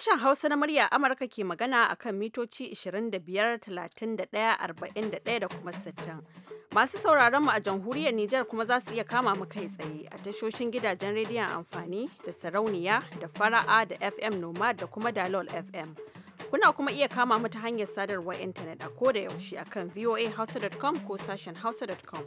Sashen Hausa na murya Amurka ke magana a kan mitoci 25, 31, 41 da kuma 60. Masu sauraron mu a jamhuriyar Nijar kuma za su iya kama mu kai tsaye a tashoshin gidajen rediyon amfani da sarauniya da fara'a da FM Nomad da kuma Dalol FM. Kuna kuma iya kama mu ta hanyar sadarwar intanet a koda yaushe akan voahausa.com ko sashen hausa.com.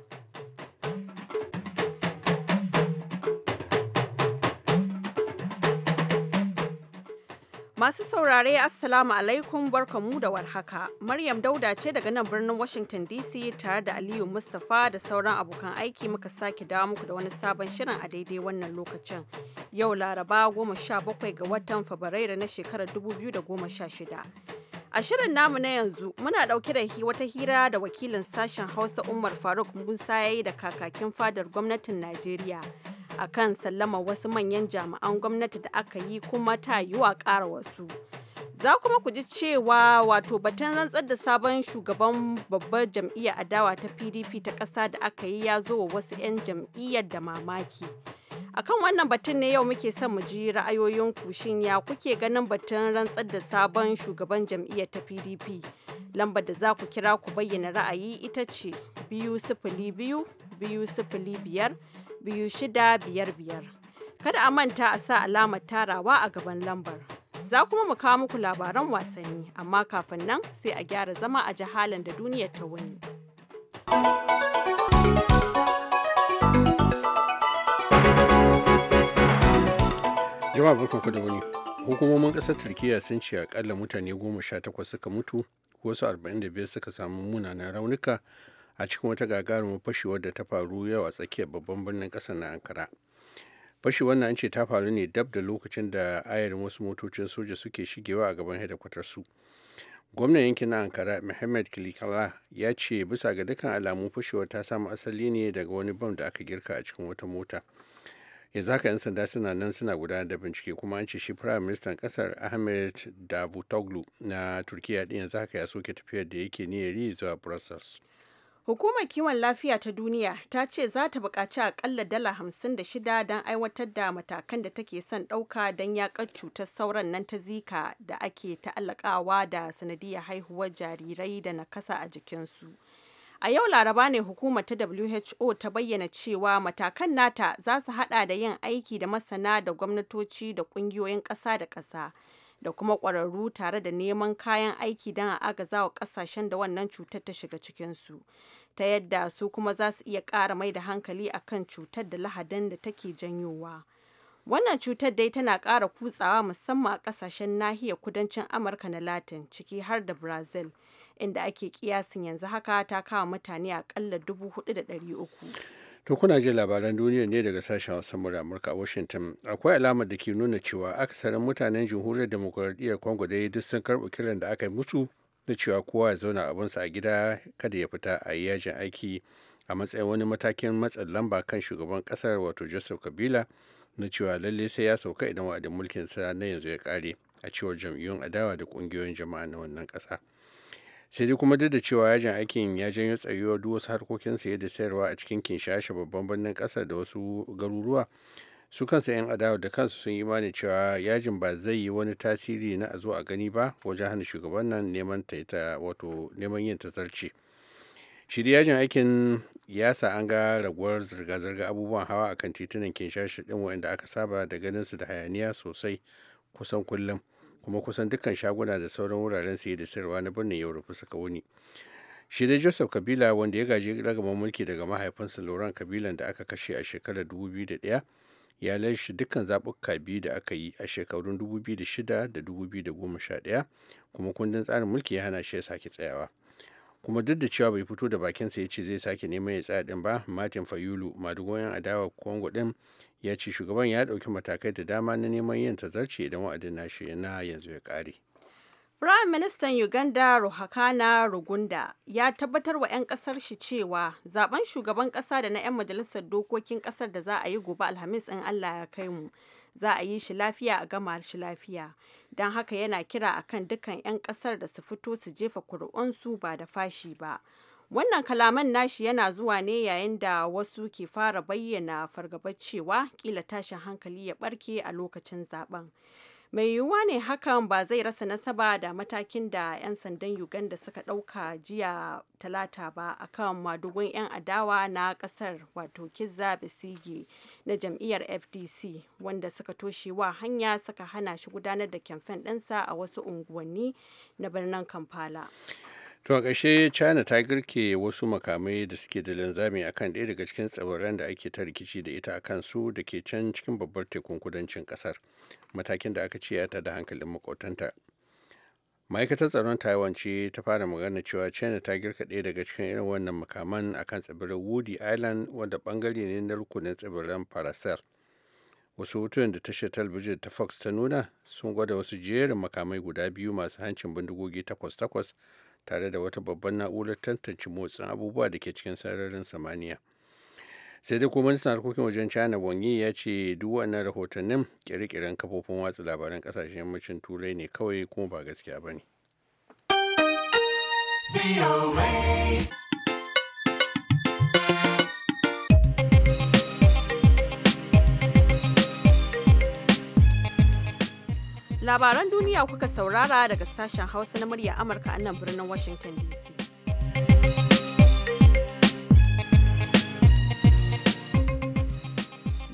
Masu saurare Assalamu alaikum barkamu da warhaka. Maryam Dauda ce daga nan birnin Washington DC tare da Aliyu Mustapha da sauran abokan aiki muka sake dawo muku da wani sabon shirin a daidai wannan lokacin. Yau Laraba goma sha bakwai ga watan Fabrairu na shekarar 2016. A shirin namu na yanzu muna ɗauke da wata hira da wakilin sashen Hausa Umar Faruk Musa ya yi da kakakin fadar gwamnatin Najeriya. a kan sallamar wasu manyan jami'an gwamnati da aka yi kuma ta yiwa ƙara wasu. Za kuma ku ji cewa wato batun rantsar da sabon shugaban babbar jam'iyyar adawa ta PDP ta ƙasa da aka yi ya zo wa wasu 'yan jam'iyyar da mamaki. akan wannan batun ne yau muke son mu ji ra'ayoyinku shin ya kuke ganin batun rantsar da sabon shugaban jam'iyyar ta pdp lambar da za ku kira ku bayyana ra'ayi ita ce biyu sifili biyu biyu sifili biyar biyu shida biyar biyar. Kada a manta a sa alamar tarawa a gaban lambar. Za kuma mu kawo muku labaran wasanni, amma kafin nan sai a gyara zama a jihalan da duniyar ta wuni. Jama'a barkanku da wani. Hukumomin ƙasar Turkiyya sun ce akalla mutane goma sha takwas suka mutu, wasu arba'in da biyar suka samu munanan raunuka a cikin wata gagarumin fashewar da ta faru yau a tsakiyar babban birnin kasar na ankara fashewar na an ce ta faru ne dab da lokacin da ayarin wasu motocin soja suke shigewa a gaban hedakwatar su gwamnan yankin na ankara mohammed kilikala ya ce bisa ga dukkan alamun fashewar ta samu asali ne daga wani bam da aka girka a cikin wata mota yanzu haka 'yan sanda suna nan suna gudanar da bincike kuma an ce shi firayim ministan kasar ahmed davutoglu na turkiya din yanzu haka ya soke tafiyar da yake niyari zuwa brussels Hukumar kiwon lafiya ta duniya ta ce za ta buƙaci akalla dala hamsin da shida don aiwatar da matakan da take son ɗauka don yaƙar cutar sauran nan ta zika da ake ta'allakawa da sanadiyar haihuwar jarirai da nakasa a jikinsu. A yau Laraba ne hukumar ta WHO ta bayyana cewa matakan nata za su hada da yin aiki da masana da gwamnatoci da ƙungiyoyin ƙasa da ƙasa. da kuma ƙwararru tare da neman kayan aiki don a agaza wa ƙasashen da wannan cutar ta shiga cikinsu ta yadda su kuma za su iya ƙara mai da hankali a kan cutar da lahadin da take janyowa wannan cutar dai tana ƙara kutsawa musamman a ƙasashen nahiyar kudancin amurka na latin ciki har da brazil inda ake kiyasin yanzu haka ta kawo mutane aƙalla dubu hudu da ɗari uku To kuna jin labaran duniya ne daga sashen wasan mura Amurka a Washington. Akwai alamar da ke nuna cewa akasarin mutanen jamhuriyar demokuraɗiyyar Congo dai duk sun karɓi kiran da aka yi mutu na cewa kowa ya zauna abun abinsa a gida kada ya fita a yajin aiki a matsayin wani matakin matsin lamba kan shugaban kasar wato Joseph Kabila na cewa lalle sai ya sauka idan wa'adin mulkin sa na yanzu ya kare a cewar jam'iyyun adawa da kungiyoyin jama'a na wannan kasa. sai dai kuma duk da cewa yajin aikin ya janyo tsayuwar duk wasu harkokin saye da sayarwa a cikin kinshasa babban birnin kasa da wasu garuruwa su kansa 'yan adawa da kansu sun yi mani cewa yajin ba zai yi wani tasiri na a zo a gani ba wajen hana shugaban nan neman ta wato neman yin tazarci shirya yajin aikin ya sa an ga raguwar zirga-zirga abubuwan hawa akan titunan kinshasa din wa'anda aka saba da ganin su da hayaniya sosai kusan kullum kuma kusan dukkan shaguna da sauran wuraren saye da sayarwa na birnin yau rufe suka wuni shi dai joseph kabila wanda ya gaji ragaman mulki daga mahaifinsa lauren kabilan da aka kashe a shekarar 2001 ya lashe dukkan zaɓuka biyu da aka yi a shekarun 2006 da ɗaya kuma kundin tsarin mulki ya hana shi ya sake tsayawa kuma duk da cewa bai fito da bakinsa ya ce zai sake neman ya tsaya din ba martin fayulu madugoyan adawa kongo din ya ce shugaban ya ɗauki matakai da dama na neman yin tazarci idan wa'adin nashi na yanzu ya ƙare. Firayim Ministan Uganda Ruhakana Rugunda ya tabbatar wa 'yan kasar shi cewa zaben shugaban kasa da na 'yan majalisar dokokin kasar da za a yi gobe Alhamis in Allah ya kai mu. Za a yi shi lafiya a gama shi lafiya. Don haka yana kira akan dukkan 'yan kasar da su fito su jefa kuri'unsu ba da fashi ba. Wannan kalaman nashi yana zuwa ne yayin da wasu ke fara bayyana fargabar cewa kila tashin hankali ya barke a lokacin zaben. Mai yiwuwa ne hakan ba zai rasa nasaba da matakin da 'yan sandan Uganda suka ɗauka jiya talata ba akan madugun 'yan adawa na ƙasar wato Kizza besigi na jam'iyyar FDC wanda suka toshe wa hanya suka hana shi gudanar da kyamfen ɗinsa a wasu unguwanni na birnin Kampala. to a ƙashe china ta girke wasu makamai da suke da linzami a kan ɗaya daga cikin tsibiran da ake ta rikici da ita akan su da ke can cikin babbar tekun kudancin ƙasar matakin da aka ce ta da hankalin makotanta ma'aikatar tsaron taiwan ce ta fara magana cewa china ta girka ɗaya daga cikin irin wannan makaman a kan tsibirin woody island wanda bangare ne na rukunin tsibiran paracel wasu hotunan da tashar talabijin ta fox ta nuna sun gwada wasu jerin makamai guda biyu masu hancin bindigogi takwas-takwas tare da wata babban na'urar tantance motsin abubuwa da ke cikin sararin samaniya sai dai kuma ministan harkokin wajen china wangi ya ce duk wannan rahotannin kire-kiren kafofin watsa labaran kasashen yammacin turai ne kawai kuma ba gaskiya ba ne Labaran duniya kuka saurara daga sashen Hausa na murya Amurka a nan birnin Washington DC.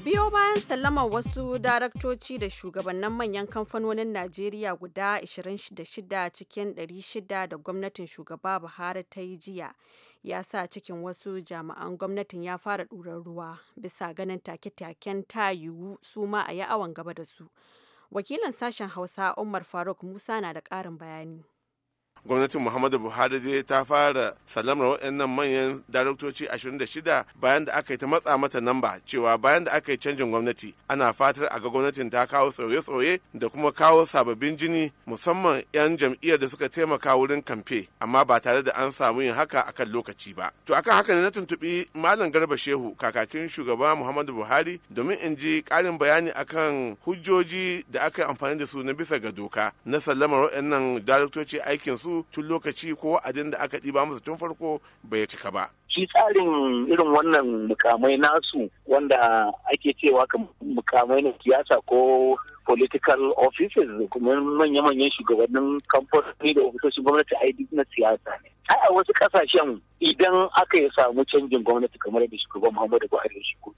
biyo bayan sallamar wasu daraktoci da shugabannin manyan kamfanonin najeriya guda 26 cikin 600 da gwamnatin shugaba buhari ta yi jiya ya sa cikin wasu jami'an gwamnatin ya fara ɗurar ruwa bisa ganin take-taken ta yiwu su ma a yi awon gaba da su Wakilin sashen Hausa Umar Faruk Musa na da ƙarin bayani. gwamnatin muhammadu buhari dai ta fara salamar waɗannan manyan daraktoci 26 bayan da aka yi ta matsa mata namba cewa bayan da aka yi canjin gwamnati ana fatar a ga gwamnatin ta kawo tsoye-tsoye da kuma kawo sababbin jini musamman 'yan jam'iyyar da suka taimaka wurin kamfe amma ba tare da an samu yin haka akan lokaci ba to akan haka ne na tuntuɓi malam garba shehu kakakin shugaba muhammadu buhari domin in ji ƙarin bayani akan hujjoji da aka yi amfani da su na bisa ga doka na sallamar waɗannan daraktoci aikinsu su tun lokaci ko adin da aka ɗiba musu tun farko bai cika ba. shi tsarin irin wannan mukamai nasu wanda ake cewa ka mukamai na siyasa ko political offices kuma manya-manyan shugabannin kamfanoni da ofisoshin gwamnati a na siyasa ne. Ai a wasu kasashen idan aka yi samu canjin gwamnati kamar da shugaban Muhammadu Buhari ya shigo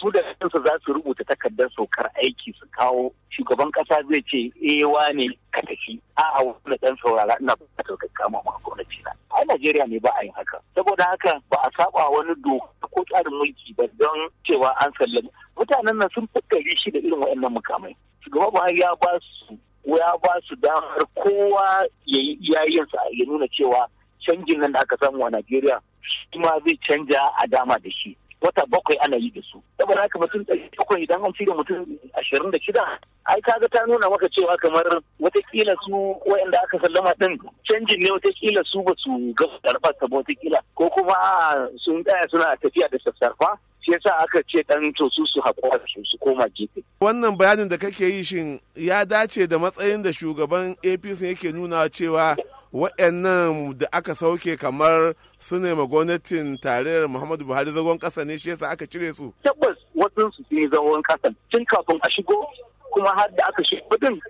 su da kansu za su rubuta takardar saukar aiki su kawo shugaban kasa zai ce eh ne ka tafi a'a wani dan saurara ina bukatar ka kama ma gwamnati na a Najeriya ne ba a yin haka saboda haka ba a saba wani doka ko tsarin mulki ba don cewa an sallama mutanen nan sun fi shi da irin waɗannan mukamai shugaba Buhari ya ba su ya ba su damar kowa ya yi iyayensa ya nuna cewa canjin nan da aka samu a Najeriya shi ma zai canja a dama da shi wata bakwai ana yi da su saboda haka mutum ɗari bakwai idan an fi da mutum ashirin da shida ai kaga ta nuna maka cewa kamar watakila su wayanda aka sallama din canjin ne watakila su ba su ga karɓar ta watakila ko kuma sun tsaya suna tafiya da sassarfa shi yasa aka ce ɗan to su su haƙura su koma gefe. Wannan bayanin da kake yi shin ya dace da matsayin da shugaban APC yake nuna cewa waɗannan da aka sauke kamar su ne ma gwamnatin tarayyar muhammadu buhari zagon ƙasa ne shi yasa aka cire su tabbas wasu su ne zagon ƙasa tun kafin a shigo kuma har da aka shigo din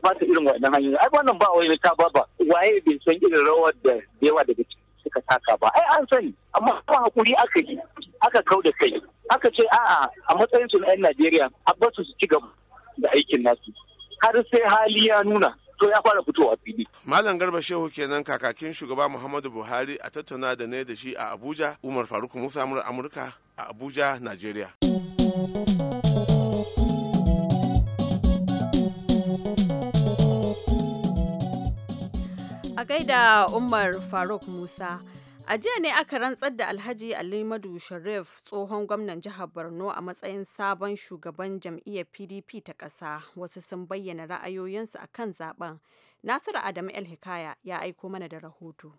ba ta irin waɗannan hanyoyi ai wannan ba wai ta ba ba waye bai san irin rawar da yawa daga suka taka ba ai an sani amma kuma hakuri aka yi aka kau da kai aka ce a'a a matsayin su na 'yan najeriya a basu su ci gaba da aikin nasu har sai hali ya nuna to ya fara fitowa fili. Malam Garba Shehu kenan kakakin shugaba Muhammadu Buhari a tattauna da ne da shi a Abuja, Umar Faruk Musa Amurka a Abuja, Najeriya. A gaida Umar Faruk Musa. A jiya ne aka rantsar da Alhaji Alimadu Sharif tsohon gwamnan jihar Borno a matsayin sabon shugaban jam'iyyar PDP ta ƙasa. Wasu sun bayyana ra'ayoyinsu a kan zaben. Nasiru Adamu El Hikaya ya aiko mana da rahoto.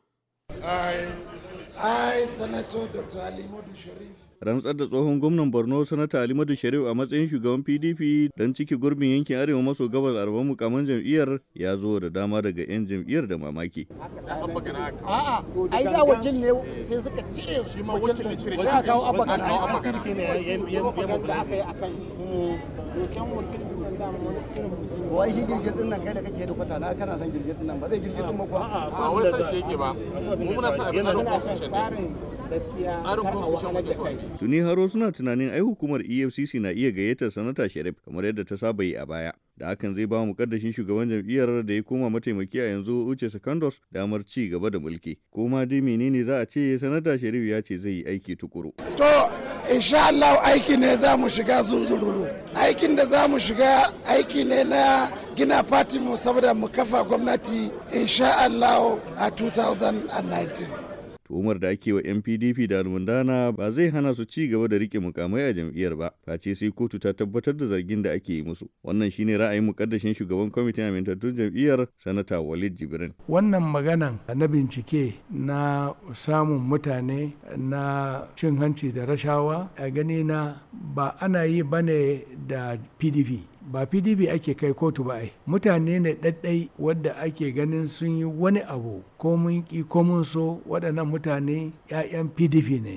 Ai, ai, Sanato Dr. Alimadu Sharif. rantsar da tsohon gwamnan borno sanata alimadu shari'u a matsayin shugaban pdp don ciki gurbin yankin arewa maso gabas arban mukamman jam'iyyar ya zo da dama daga 'yan jam'iyyar da mamaki ai da wakil ne sai suka cire shi ma wakil ne cire shi aka kawo a ne ya da aka yi a kai tuni tuni haro suna tunanin ai hukumar efcc na iya gayyatar sanata sharif kamar yadda ta saba yi a baya da hakan zai ba mu kaddashin shugaban jam'iyyar da ya koma mataimaki a yanzu wuce secondos damar ci gaba da mulki ko ma dai menene za a ce sanata sharif ya ce zai yi aiki tukuru to insha Allah aiki ne za mu shiga zuzururu aikin da za mu shiga aiki ne na gina fatin mu saboda mu kafa gwamnati insha Allah a 2019 Tuhumar da ake wa 'yan PDP da almundana ba zai hana su ci gaba da rike mukamai a jam'iyyar ba, face sai kotu ta tabbatar da zargin da ake yi musu. Wannan shine ra'ayin mukaddashin shugaban kwamitin amintattun jam'iyyar Sanata Walid Jibrin. Wannan magana na bincike na samun mutane na cin hanci da rashawa a gani na ba ana yi bane da PDP. ba pdp ake kai kotu ba ai mutane ne ɗaɗɗai wadda ake ganin sun yi wani abu ko mun ki ko mun so waɗannan mutane 'ya'yan pdp ne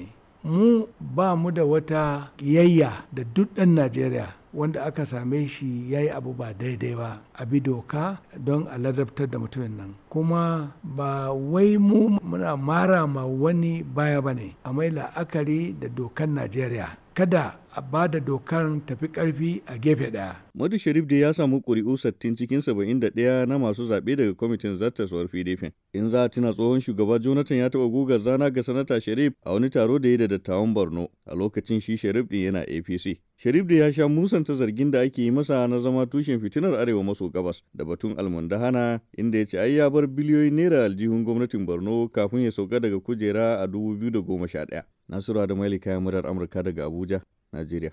mu ba mu da wata ƙiyayya da duk ɗan najeriya wanda aka same shi ya yi abu ba daidai ba a bi doka don a ladabtar da mutumin nan kuma ba wai mu muna mara ma wani baya ba ne a mai la'akari da dokan najeriya kada a ba da dokar tafi karfi a gefe ɗaya. Madu Sharif dai ya samu ƙuri'u 60 cikin 71 na masu zaɓe daga kwamitin zattaswar PDP. In za a tuna tsohon shugaba Jonathan ya taɓa gugar zana ga sanata Sharif a wani taro da ya da dattawan Borno a lokacin shi Sharif din yana APC. Sharif da ya sha musanta zargin da ake yi masa na zama tushen fitinar arewa maso gabas da batun almundahana inda ya ce ai ya bar biliyoyin naira aljihun gwamnatin Borno kafin ya sauka daga kujera a 2011. Nasiru da Maili kayan murar Amurka daga Abuja, Najeriya.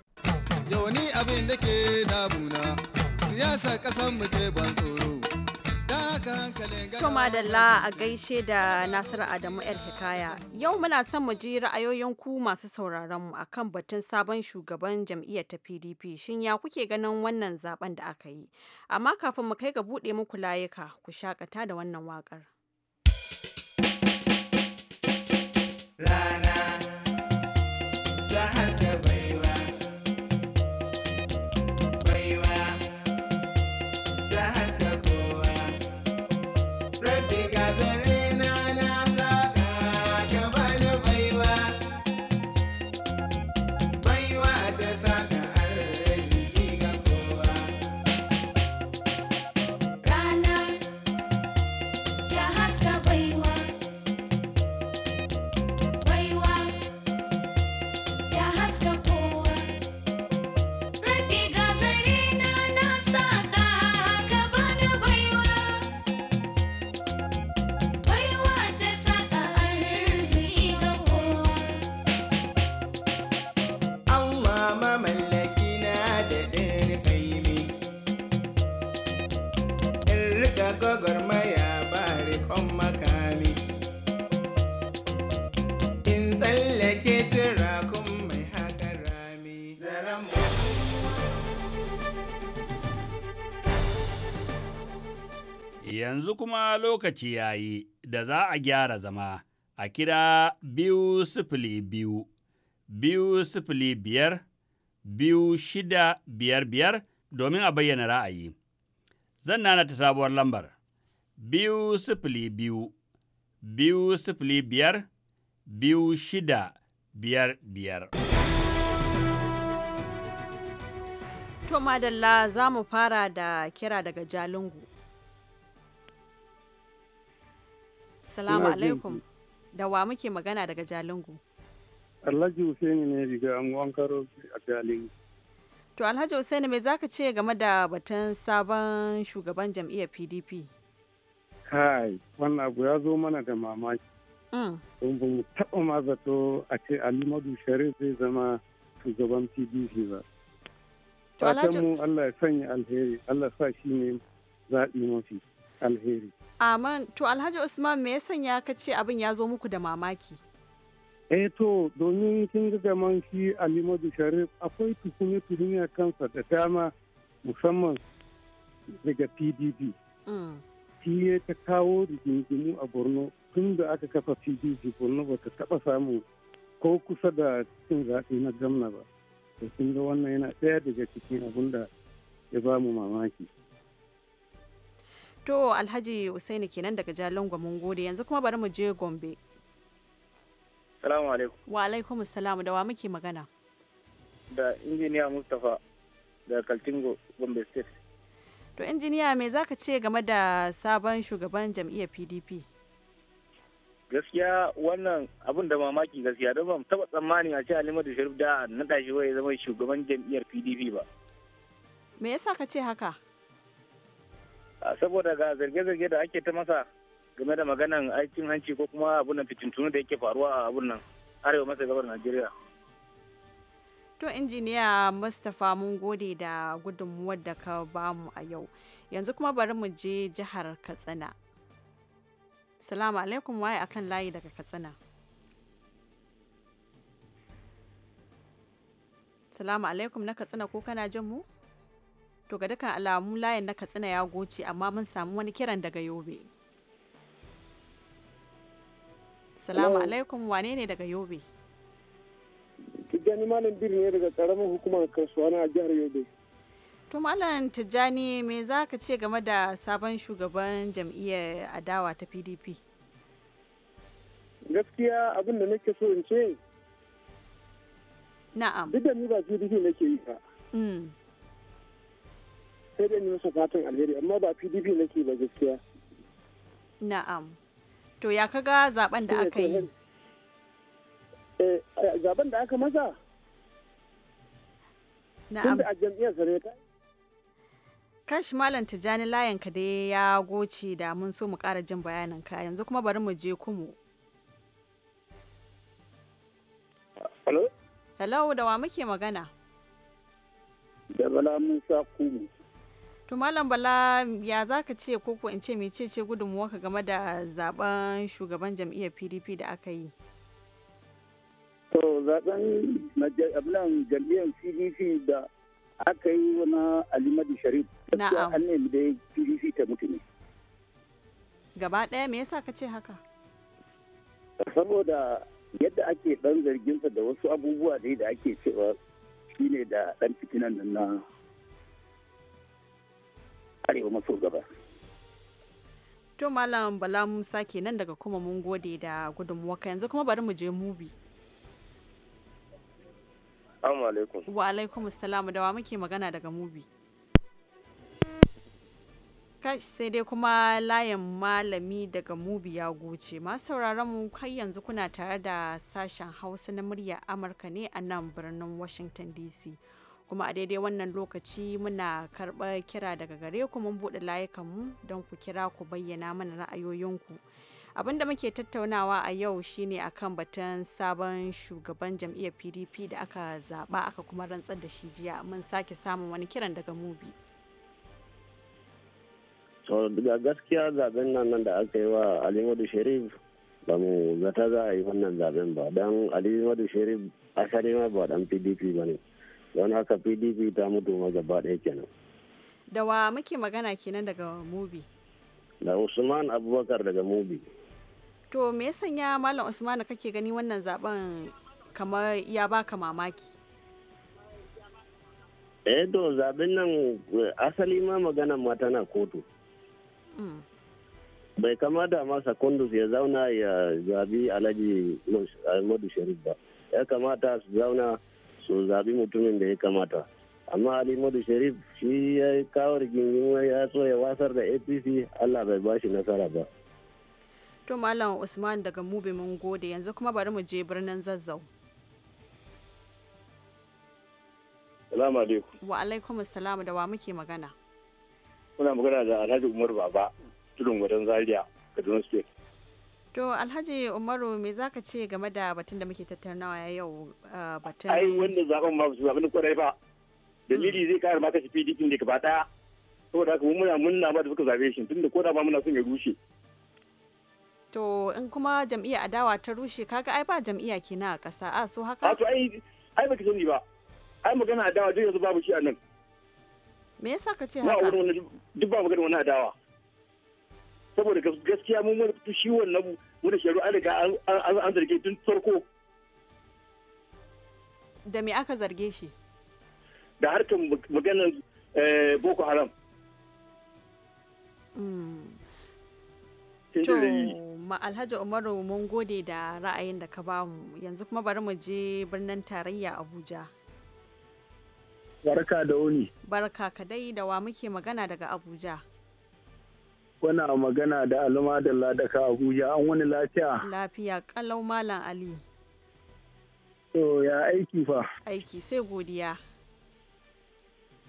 Yau ni abin da ke damuna, siyasa ƙasar mu ban tsoro. To madalla a gaishe da Nasiru Adamu El Hikaya. Yau muna son mu ji ra'ayoyin ku masu sauraron mu akan batun sabon shugaban jam'iyyar ta PDP. Shin ya kuke ganin wannan zaben da aka yi? Amma kafin mu kai ga buɗe muku layuka, ku shakata da wannan waƙar. kuma lokaci ya yi da za a gyara zama a kira biyu sifili biyu, biyu sifili biyar, biyu shida biyar biyar domin a bayyana ra'ayi. Zan nana ta sabuwar lambar, biyu sifili biyu, biyu sifili biyar, biyu shida biyar biyar. To madalla za mu fara da kira daga Jalingu. Salamu alaikum. Da wa muke magana daga Jalingo? Alhaji Hussaini ne riga an Karo a Jalingo. To Alhaji Hussaini me zaka ce game da batun sabon shugaban jam'iyyar PDP? Kai, wannan abu ya zo mana da mamaki. Mm. Don ba mu taɓa ma zato a ce Alimadu Sharif zai zama shugaban PDP ba. Fatan mu Allah ya sanya alheri, Allah sa shi ne zaɓi mafi. alheri. Aman, to Alhaji Usman me ya sanya ka ce abin ya zo muku da mamaki? Eh to domin kin ga gaman shi Alimadu Sharif akwai tuhume tuhume kansa da dama musamman daga PDP. Mm. Shi ya ta kawo rigingimu a Borno tun da aka kafa PDP Borno ba ta taba samu ko kusa da cikin zaɓe na gamna ba. To kin ga wannan yana ɗaya daga cikin abin da ya ba mu mamaki. To Alhaji Usaini kenan daga Jalon mun gode yanzu kuma bari mu je Gombe. Salamu alaikum. Wa alaikum salam da wa muke magana. Da injiniya Mustapha da Kaltingo Gombe State. To injiniya me ka ce game da sabon shugaban jam'iyyar PDP? Gaskiya wannan abin da mamaki gaskiya don ban taba tsammani a ce Alimadu Sharif da na tashi ya zama shugaban jam'iyyar PDP ba. Me yasa ka ce haka? saboda ga zarge-zarge da ake ta masa game da maganan aikin hanci ko kuma abun nan fitintunu da yake faruwa a abun nan arewa masa gabar najeriya to injiniya mustapha mun gode da gudunmuwar da ka bamu a yau yanzu kuma bari mu je jihar katsina salamu alaikum waye akan layi daga katsina salamu alaikum na katsina ko kana jin mu To ga dukkan alamu layin na Katsina ya goce amma mun samu wani kiran daga Yobe. Salamu alaikum wane ne daga Yobe? Tijjani Malam Biri ne daga karamin hukumar kasuwa na jihar Yobe. To Malam Tijjani me za ka ce game da sabon shugaban jam'iyyar adawa ta PDP? Gaskiya abin da nake so in ce. Na'am. Duk da ni ba PDP nake yi ba. Mm. sai dai masa fatan alheri amma ba pdp nake ba gaskiya na'am to ya kaga eh, zaben da aka yi zaben da aka maza na'am a jam'iyyar sarauta kash malam tijjani layan ka dai ya goce da mun so mu ƙara jin bayanin ka yanzu kuma bari mu je kumu hello hello da wa muke magana da bala musa kumu to malam bala ya za ka ce ko in ce mece ce gudunmuwarka game da zaben shugaban jam'iyyar pdp da aka yi to zaben na jam'iyyar pdp da aka yi wani alimadi sharif na an nemi da pdp ta mutu ne gaba ɗaya me yasa ka ce haka saboda yadda ake ɗan zarginsa da wasu abubuwa dai da ake cewa shine da ɗan fitinan nan na arewa maso gaba to malam bala musa kenan daga kuma mun gode da gudunmuwaka yanzu kuma bari mu je mubi Assalamu alaikum. Wa alaikum assalam da wa muke magana daga mubi. Kashi sai dai kuma layin malami daga mubi ya goce. Masu sauraron mu kai yanzu kuna tare da sashen Hausa na murya Amurka ne a nan birnin Washington DC. kuma a daidai wannan lokaci muna karɓar kira daga gare ku mun buɗe layukanmu don ku kira ku bayyana mana ra'ayoyinku abin da muke tattaunawa a yau shine akan batun sabon shugaban jam'iyyar pdp da aka zaba aka kuma rantsar da shi jiya mun sake samun wani kiran daga mubi to daga gaskiya zaben nan nan da aka yi wa alimadu sharif ba mu zata za a yi wannan zaben ba don alimadu sharif asali ma ba dan pdp ba ne don haka pdp ta mutu ma gaba ɗaya kenan da wa muke magana kenan daga mubi da usman abubakar daga mubi to me ya sanya malam usman kake gani wannan zaben kamar ya baka mamaki eh to zaben nan asali ma maganan ma tana kotu mm. bai kamata masa kundus ya zauna ya zabi alhaji amadu sharif ba ya kamata su zauna su zaɓi mutumin da ya kamata amma ali madu sharif shi ya kawar rigingimu ya so ya wasar da apc allah bai bashi nasara ba to malam usman daga mube mun gode yanzu kuma bari mu je birnin zazzau salamu alaikum wa alaikum salam da wa muke magana muna magana da alhaji umar baba tudun gwadon zaria kaduna state To Alhaji Umaru me za ka ce game da batun da muke tattaunawa yau uh, batun? Ai wanda zaben ba su zaben kwarai ba. Dalili mm. zai kare maka shi PDP ne gaba ɗaya Saboda haka muna ba da suka zabe shi tunda ko da ba muna son ya rushe. To in kuma jam'iyya adawa ta rushe kaga ai ba jam'iyya ke a ƙasa a so haka. A to ai ai baki sani ba. Ai magana adawa duk yanzu babu shi a nan. Me yasa ka ce haka? Ba wani duk ba magana wani adawa. saboda gaskiya mun mun shi wannan wani sharu an daga an zarge tun farko da me aka zarge shi da harkar maganar eh, boko haram hmm. To, ma Alhaji Umaru mun gode da ra'ayin da ka bamu yanzu kuma bari mu je birnin tarayya Abuja. Barka da wuni. Barka kadai da wa muke magana daga Abuja. kuna magana da aluma da ladaka abuja an wani lafiya lafiya kalau malam ali to ya aiki fa aiki sai godiya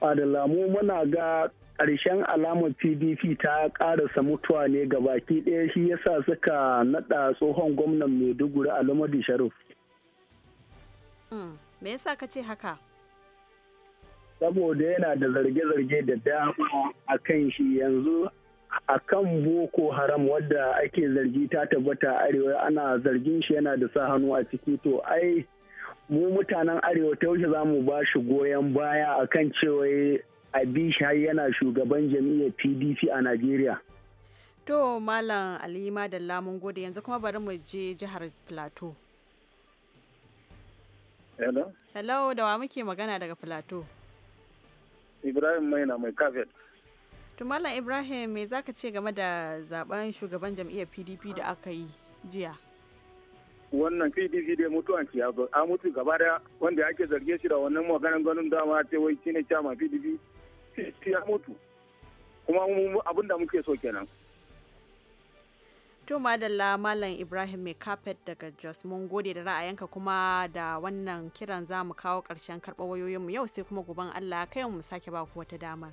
adala mu muna ga ƙarshen alamar pdp ta ƙarasa mutuwa ne ga baki ɗaya shi yasa suka naɗa tsohon gwamnan maiduguri alamadi sharif hmm, me yasa ka ce haka saboda yana da zarge-zarge da dama a kan shi yanzu a kan boko haram wadda ake zargi ta tabbata arewa ana zargin shi yana da sa hannu a ciki to ai mu mutanen arewa ta yaushe za mu ba shi goyon baya a kan cewa abishi har yana shugaban jam'iyyar pdp a najeriya to malam alima da lamun gode yanzu kuma bari mu je jihar plateau hello hello da wa muke magana daga plateau ibrahim maina mai kafet tumala ibrahim me zaka ce game da zaben shugaban jam'iyyar pdp da aka yi jiya wannan pdp dai mutuwan ciya a mutu gaba da wanda ake zarge shi da wannan maganin ganin dama ce wai shine chairman pdp ya mutu kuma abin da muke so kenan to madalla malam ibrahim mai carpet daga jos mun gode da ra'ayinka kuma da wannan kiran za mu kawo ƙarshen karɓar wayoyinmu yau sai kuma guban allah kai mu sake ba ku wata damar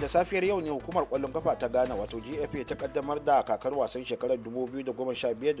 da safiyar yau ne hukumar kwallon kafa ta gana wato gfa ta kaddamar da kakar wasan shekarar 2015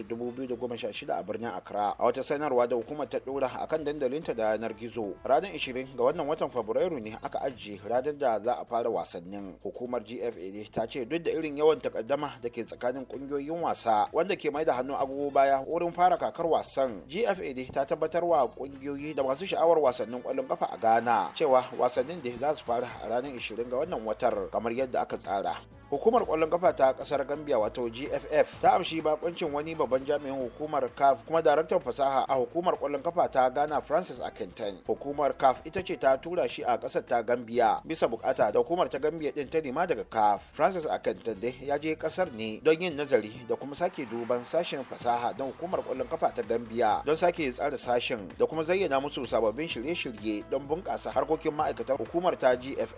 2016 a birnin accra a wata sanarwa da hukumar ta dora a akan dandalinta da yanar gizo ranar 20 ga wannan watan fabrairu ne aka ajiye ranar da za a fara wasannin hukumar gfa ne ta ce duk da irin yawan takaddama da ke tsakanin kungiyoyin wasa wanda ke mai da hannu agogo baya wurin fara kakar wasan gfa ne ta tabbatar wa kungiyoyi da masu sha'awar wasannin kwallon kafa a ghana cewa wasannin da za su fara a ranar 20 ga wannan wata kamar yadda aka tsara hukumar kwallon kafa ta kasar gambia wato gff ta amshi bakoncin wani babban jami'in hukumar caf kuma daraktan fasaha a hukumar kwallon kafa ta ghana francis akintan hukumar caf ita ce ta tura shi a kasar ta gambia bisa bukata da hukumar ta gambia din ta nema daga caf francis akintan dai ya je kasar ne don yin nazari da kuma sake duban sashen fasaha don hukumar kwallon kafa ta gambia don sake tsara sashen da kuma zayyana musu sababbin shirye-shirye don bunkasa harkokin ma'aikatan hukumar ta gff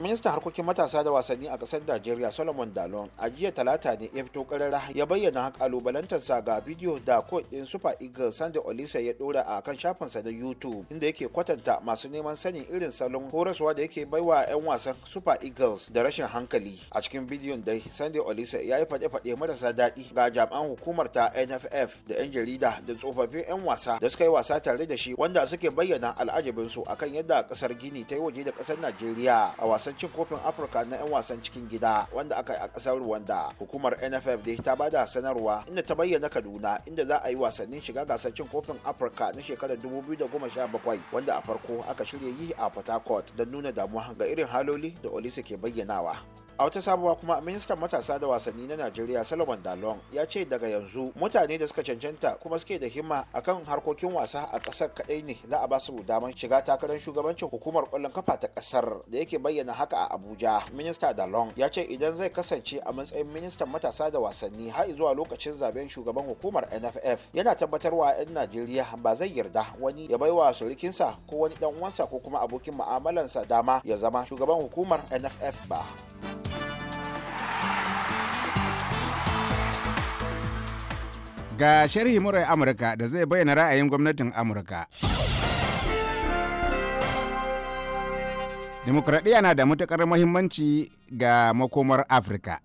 ministan harkokin matasa da wasanni a kasar najeriya solomon dalon a jiya talata ne ya fito karara ya bayyana sa ga bidiyo da ko din super eagles Sunday olisa ya dora a kan shafinsa na youtube inda yake kwatanta masu neman sanin irin salon horaswa da yake baiwa 'yan wasan super eagles da rashin hankali a cikin bidiyon dai Sunday olisa ya yi faɗe-faɗe marasa daɗi ga jami'an hukumar ta nff da 'yan jarida da tsofaffin 'yan wasa da suka yi wasa tare da shi wanda suke bayyana al'ajabinsu akan yadda kasar gini ta yi waje da ƙasar najeriya a wasan cin kofin afirka na 'yan wasan cikin gida wanda aka yi a ƙasar Rwanda. Hukumar NFF dai ta bada sanarwa inda ta bayyana Kaduna inda za a yi wasannin shiga gasar cin kofin Afirka na shekarar 2017 wanda a farko aka shirya yi a Port Harcourt don nuna damuwa ga irin haloli da Olisa ke bayyanawa. a wata sabuwa kuma ministan matasa da wasanni na najeriya Salomon dalong ya ce daga yanzu mutane da suka cancanta kuma suke da himma akan harkokin wasa a ƙasar kaɗai ne za a ba su damar shiga takarar shugabancin hukumar ƙwallon kafa ta ƙasar da yake bayyana haka a abuja minista dalong ya ce idan zai kasance a matsayin ministan matasa da wasanni har zuwa lokacin zaben shugaban hukumar nff yana tabbatarwa 'yan najeriya ba zai yarda wani ya bai wa surukinsa ko wani dan uwansa ko kuma abokin mu'amalansa dama ya zama shugaban hukumar nff ba. Ga sharhi murai Amurka da zai bayyana ra'ayin gwamnatin Amurka. Dimokuraɗiyya na da matuƙar muhimmanci ga makomar Afirka.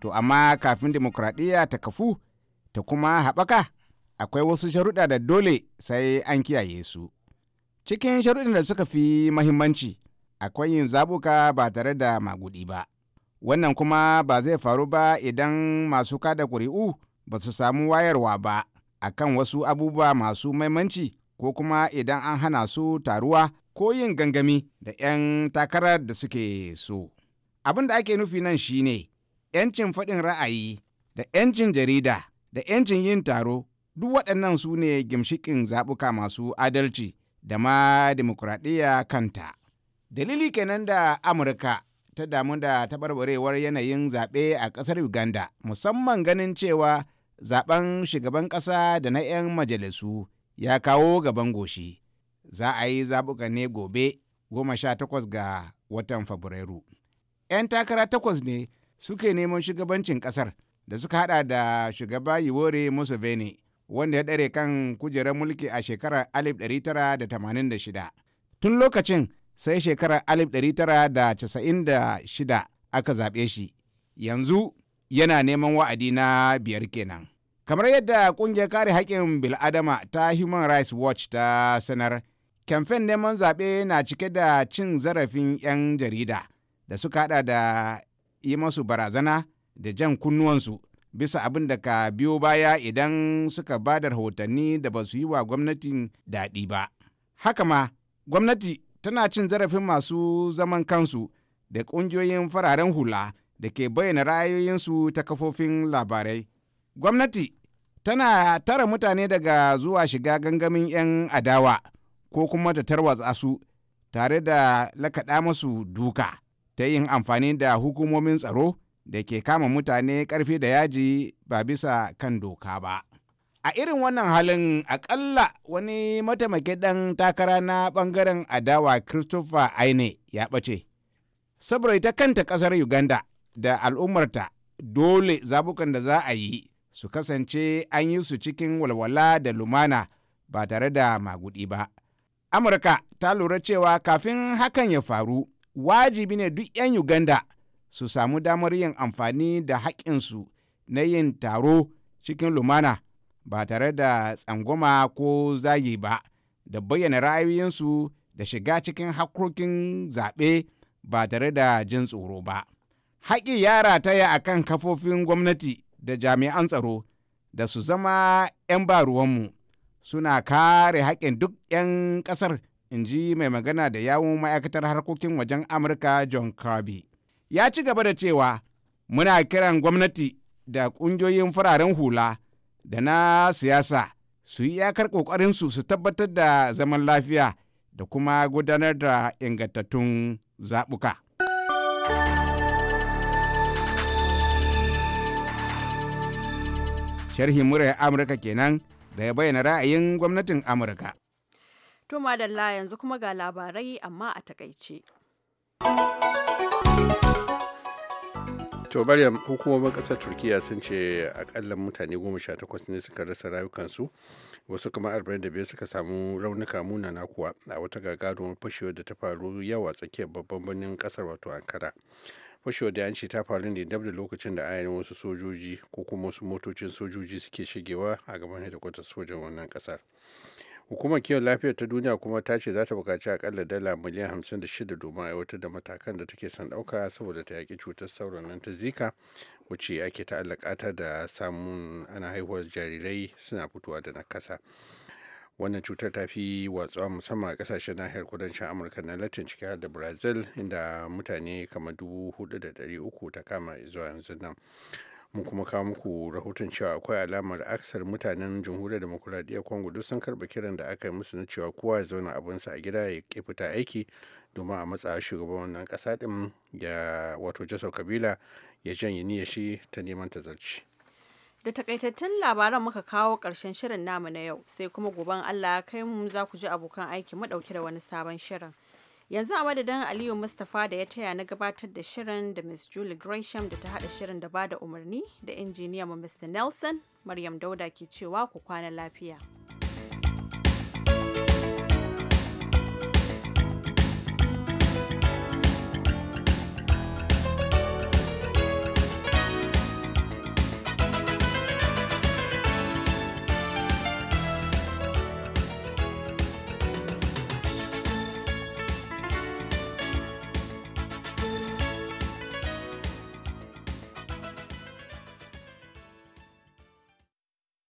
To amma kafin dimokuraɗiyya ta kafu ta kuma haɓaka akwai wasu sharuɗa da dole sai an kiyaye su. Cikin sharuɗin da suka fi muhimmanci akwai yin zaɓuka ba tare da maguɗi ba. Wannan kuma ba zai faru ba idan masu kada ƙuri'u ba su samu wayarwa ba a kan wasu abubuwa masu maimanci ko kuma idan an hana su taruwa ko yin gangami da 'yan takarar da suke so. Abin da ake nufi nan shine 'yancin faɗin ra'ayi da 'yancin jarida da 'yancin yin taro duk waɗannan su ne gimshikin zaɓuka masu adalci da ma demokuraɗiyya kanta. Dalili kenan da Amurka ta damu da taɓarɓarewar yanayin zaɓe a ƙasar Uganda musamman ganin cewa zaben shugaban ƙasa da na 'yan majalisu ya kawo gaban goshi za a yi zaɓuka ne gobe goma sha 18 ga watan fabrairu 'yan takara takwas ne suke neman shugabancin ƙasar da suka hada da shugaba yiwore museveni wanda ya ɗare kan kujerar mulki a shekarar 1986 tun lokacin sai shekarar 1996 aka zaɓe shi yanzu yana neman wa'adi na biyar kenan. Kamar yadda ƙungiyar kare haƙƙin bil'adama ta Human Rights Watch ta sanar, kamfen neman zaɓe na cike da cin zarafin 'yan jarida da suka haɗa da yi masu barazana da jan kunnuwansu bisa abin da ka biyo baya idan suka ba da rahotanni da ba su yi wa gwamnatin daɗi ba. Haka ma, gwamnati tana cin zarafin masu zaman kansu da ƙungiyoyin fararen hula da ke bayyana ra'ayoyinsu ta kafofin labarai. Gwamnati tana tara mutane daga zuwa shiga gangamin 'yan adawa ko kuma ta tarwatsa su tare da lakaɗa masu duka ta yin amfani da hukumomin tsaro da ke kama mutane ƙarfi da yaji ba bisa kan doka ba. A irin wannan halin akalla wani mataimakin ɗan takara na ɓangaren adawa Christopher Aine ya ɓace. Saboda ita kanta ƙasar Uganda da al'ummarta dole zabukan da za a yi su kasance an yi su cikin walwala da lumana ba tare da magudi ba. Amurka ta lura cewa kafin hakan ya faru, wajibi ne duk 'yan Uganda su samu damar yin amfani da haƙƙinsu na yin taro cikin lumana ba tare da tsangwama ko zagi ba, da bayyana ra'ayoyinsu da shiga cikin hakokin zaɓe ba tare da jin tsoro ba. haƙi ya rataya a kan kafofin gwamnati da jami'an tsaro da su zama 'yan baruwanmu suna kare haƙin duk 'yan ƙasar in ji mai magana da yawun ma'aikatar harkokin wajen amurka john kirby ya ci gaba da cewa muna kiran gwamnati da ƙungiyoyin fararen hula da na siyasa su yi iyakar ƙoƙarinsu su tabbatar da zaman lafiya da kuma gudanar da ingantattun zaɓuka. sharhin murar amurka kenan da ya bayyana ra'ayin gwamnatin amurka to madalla yanzu kuma ga labarai amma a takaice to bari hukumomin kasar turkiya sun ce akalla mutane goma sha takwas ne suka rasa rayukansu wasu kuma 45 suka samu raunuka munana kuwa a wata gagarumar fashewar da ta faru yawa tsakiyar babban birnin ƙasar wato ankara fashewar da yanci ta faru ne dab da lokacin da ayyana wasu sojoji ko kuma wasu motocin sojoji suke shigewa a gaban hedikwatar sojan wannan kasar hukumar kiwon lafiyar ta duniya kuma ta ce za ta buƙaci akalla dala miliyan hamsin da shida domin aiwatar da matakan da take son ɗauka saboda ta yaki cutar sauran nan ta zika wacce ake ta'allaka ta da samun ana haihuwar jarirai suna fitowa da na kasa wannan cutar ta fi watsuwa musamman a kasashen nahiyar kudancin amurka na latin ciki har da brazil inda mutane kamar dubu hudu da dari uku ta kama zuwa yanzu nan mun kuma kawo muku rahoton cewa akwai alamar aksar mutanen jamhuriyar demokuraɗiyyar congo duk sun karɓi kiran da aka yi musu na cewa kowa ya zauna sa a gida ya ƙi fita aiki domin a matsa shugaban wannan ƙasa ɗin ya wato jasau kabila ya janye niyyar shi ta neman tazarci. Da takaitattun labaran muka kawo ƙarshen shirin namu na yau, sai kuma goben Allah kai mu za ku ji abokan aiki mu ɗauke da wani sabon shirin. Yanzu a madadin Aliyu Mustapha da ya taya na gabatar da shirin da Miss Julie Gresham da ta hada shirin da ba da umarni da injiniya mu Mr. Nelson, Maryam Dauda ke cewa ku kwana lafiya.